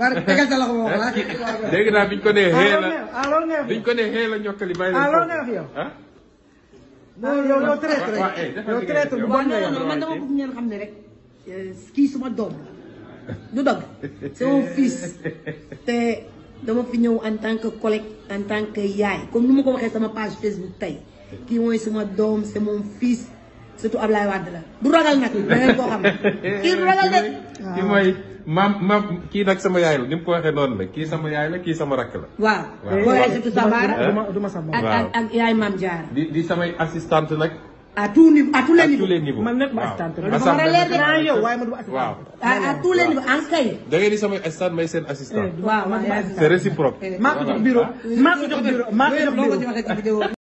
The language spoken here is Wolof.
Pagkatala ko mga alô Dahil na, binkonehela. Alon na, binkonehela nyo kalimay. Alon na, vio. Ha? não yo não treto. Yo treto. não não manda mo kung nyan kam direct. Skis mo dom. Dudag. So fis. Te dama opinião em tant que colega, é, em tant que yai. Como não me conhece uma página Facebook tai. Que um é uma dom, é um surtout Ablaye wad la du ragal nag beneen ko xam ki du ragal nak ki moy mam mam ki nak sama yaay la nim ko waxe non la ki sama yaay la ki sama rak la waaw boolee surtout Sabara duma sama ak ak yaay mam jaar di di sama assistante nak à tous les niveaux à tous les niveaux man nak ba assistante la dama leer de naa yow waye ma du assistante à tous les niveaux en kay da ngay di sama assistante may sen assistant eh, waaw man c'est réciproque ma ko jox bureau eh, ma ko jox bureau ma ko jox bureau